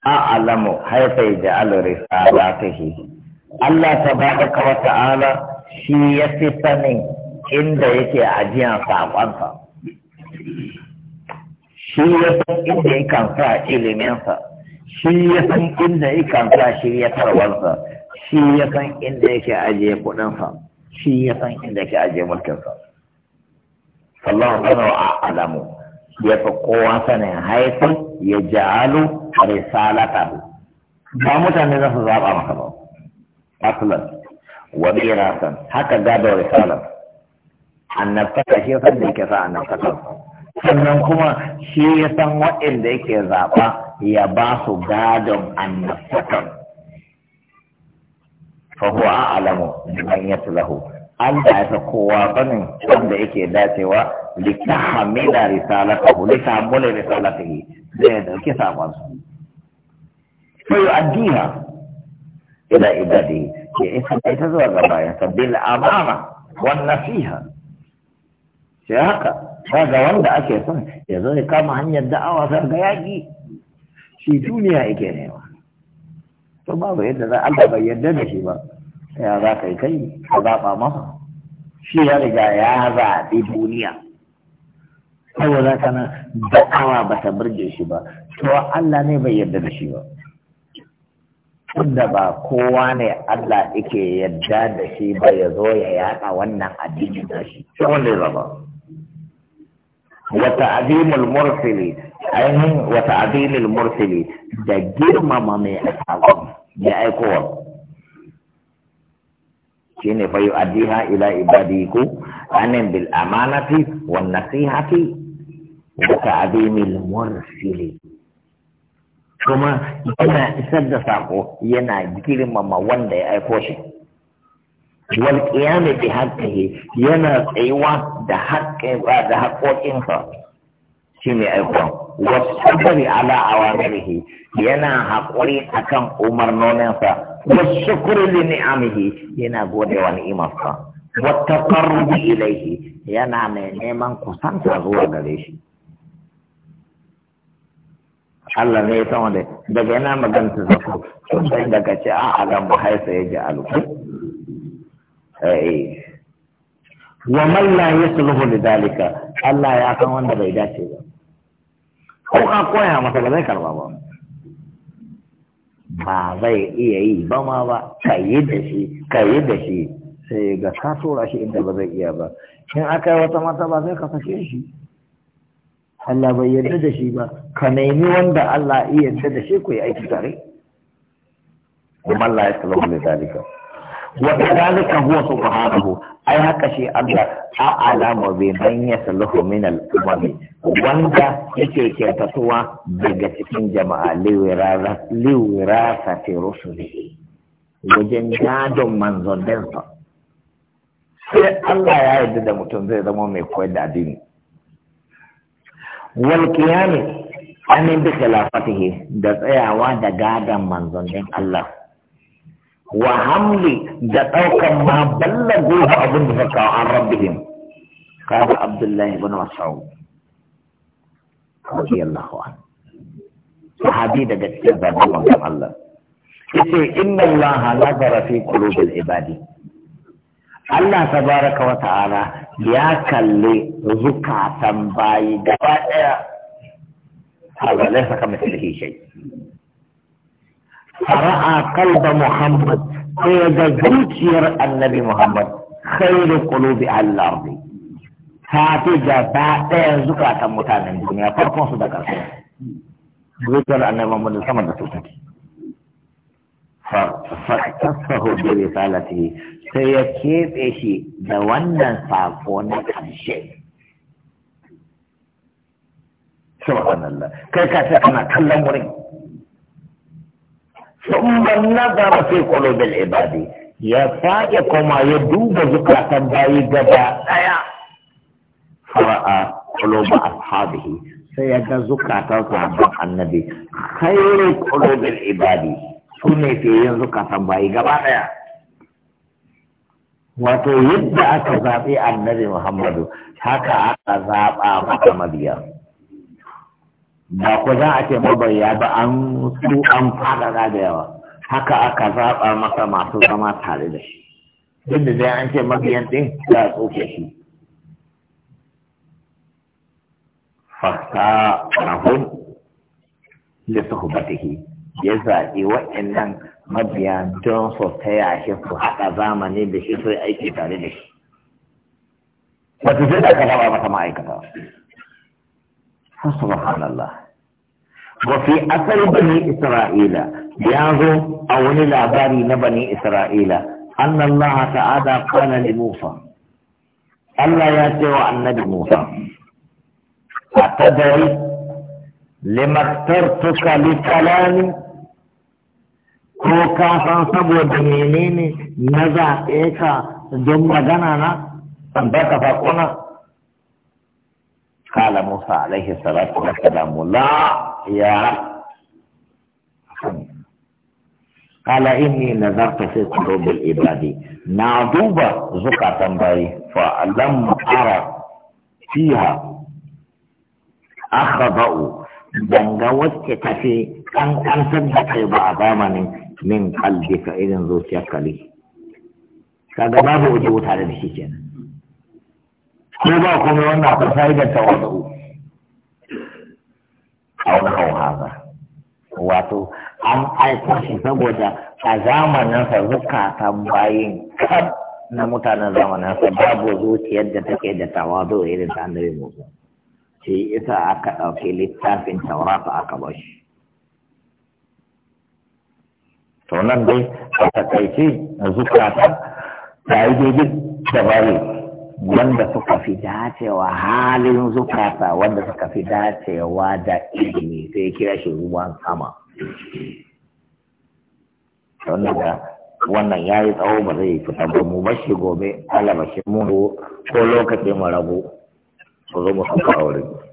a a'lamu haifa ta shi Allah ta da kawo ta'ala shi ya fi sanin inda yake ajiyan saƙonsa shi ya san inda yakan sa iliminsa shi ya san inda yakan sa shiryatarwarsa shi ya san inda yake ajiye kuɗinsa shi ya san inda yake ajiye mulkinsa Sallama alaihi a alamu ya fi kowa sanin haifin ya ja'alu risalatahu ba mutane za su zaɓa maka ba wani yana san haka gado risalar annabtaka shi san da yake sa annabtaka. sannan kuma shi ya san waɗanda yake zaɓa ya ba su gadon annabtaka. fahu a alamu man ya lahu Allah ya kowa sanin wanda yake dacewa lita hamila risalatahu lita hamula risalatahu zai da kisa kwansu sai addiha ila ibadi ke isa da ta zuwa ga ya sabbin amana wan nasiha Ya haka ga wanda ake son ya zo kama hanyar da'awa sai ga yaki shi duniya yake nema to babu yadda za Allah bai yarda da shi ba ya za kai kai ka zaba masa shi ya riga ya zaɓi duniya saboda da da'awa ba ta burge shi ba to Allah ne bai yarda da shi ba tunda ba kowa ne Allah yake yarda da shi ba ya zo ya yaɗa wannan addini da shi sai wanda ya ba. wa ta'zimul mursili ainihin wa ta'zimul mursili da girmama mai aikawa ya aikowa ne fayu Adiha ila ibadiku anan bil amanati wan nasihati وتعظيم المرسل kuma yana isar da sako yana girmama wanda ya aiko shi wal qiyamah bi haqqihi yana tsayuwa da haƙƙin da haƙoƙinsa shi ne aiko wa sabri ala awamirihi yana haƙuri akan umarnoninsa wa shukru li ni'amihi yana gode wa ni'imarsa wa taqarrubi ilayhi yana mai neman kusanta zuwa gare shi Allah ne ya san wanda daga yana magana ta zafi sun sai daga ce a ba haifa ya ji aluku eh, wa man la yasluhu lidalika Allah ya san wanda bai dace ba ko ka koya masa ba zai karba ba ba zai iya yi ba ma ba ka yi da shi ka yi da shi sai ga ka tura shi inda ba zai iya ba in aka yi wata mata ba zai ka fashe shi Allah bai yarda da shi ba ka nemi wanda Allah ya yarda da shi ku yi aiki tare kuma Allah ya tsalo da zalika wa kadhalika huwa subhanahu ai haka shi Allah ta'ala ma bai man yasluhu min al-umam wanda yake kyautatuwa daga cikin jama'a liwirara liwirasa ta rusuli wajen gadon manzon sai Allah ya yarda da mutum zai zama mai koyar da addini Walƙiyami qiyam amin bi khilafatihi da tsayawa da gadan manzon din Allah wa hamli da daukan ma ballago abin da suka an rabbihim kada abdullahi ibn mas'ud radiyallahu anhu sahabi daga cikin zabi manzon Allah yace inna allaha nazara fi qulubil ibadi Allah tabaraka wa ta'ala ya kalli zukatan bayi gaba ɗaya آية. هذا ليس كمثله شيء فرأى قلب محمد قيد ذكر النبي محمد خير قلوب على الأرض هاتي جفاء زكاة متانا الدنيا فرق صدق ذكر أن محمد الحمد تسكي فاكتفه برسالته سيكيب إشي دوانا صافونا عن شيء subhanallah kai ka ce ana kallon wurin summan nazara fi qulubil ibadi ya sake koma ya duba zukatan bayi gaba daya fara'a quluba ashabihi sai ya ga zukatan sahabban annabi khairu qulubil ibadi su ne ke yin zukatan bayi gaba daya wato yadda aka zaɓi annabi muhammadu haka aka zaɓa maka mabiya ba ku za a ce mabaya ba an su an fadara da yawa haka aka zaɓa masa masu zama tare da shi duk da dai an ce mabiyan ɗin za a tsoke shi fasta rahun da ke ya zaɓi waɗannan mabiya don su taya shi su haɗa zamani da shi su aiki tare da shi Wasu sai da aka zaɓa masa ma'aikata فسبحان الله وفي أثر بني إسرائيل يازو أولي العباري بني إسرائيل أن الله تعالى قال لموسى الله ياتي عن نبي موسى أتدري لما اخترتك لكلامي كوكا ka san نزع ايكا na zaɓe ka don kala Musa alaihe salatu lasala mu laya. Ƙala in ni nazarta sai kuɗo bil'i baɗi. Na duba zuƙa tambayoyi. Fa a zan fara ciya aka ba'u. Ganga wacke ta ce san da kai ba a zamanin min kalli ka irin zuciya kali Kaga babu mu wuce wuta da bishiyayyana. ko ba kuma wannan sai da tawadu a wani hau ba wato an aiko shi saboda a zamaninsa ta bayin kab na mutanen sa babu zuciyar da take da tawadu irin ta annabi musa shi ita aka ɗauki littafin taurata aka ba to nan dai a takaice zuka ta yi daidai da bayi wanda suka fi dacewa halin zukata wanda suka fi dacewa da ilimi sai ya kira shi ruwan sama wanda da wannan ya yi tsawo ba zai fita ba mu bashi gobe alaba shi mu ko lokacin mu rabu ku zo mu kafa wurin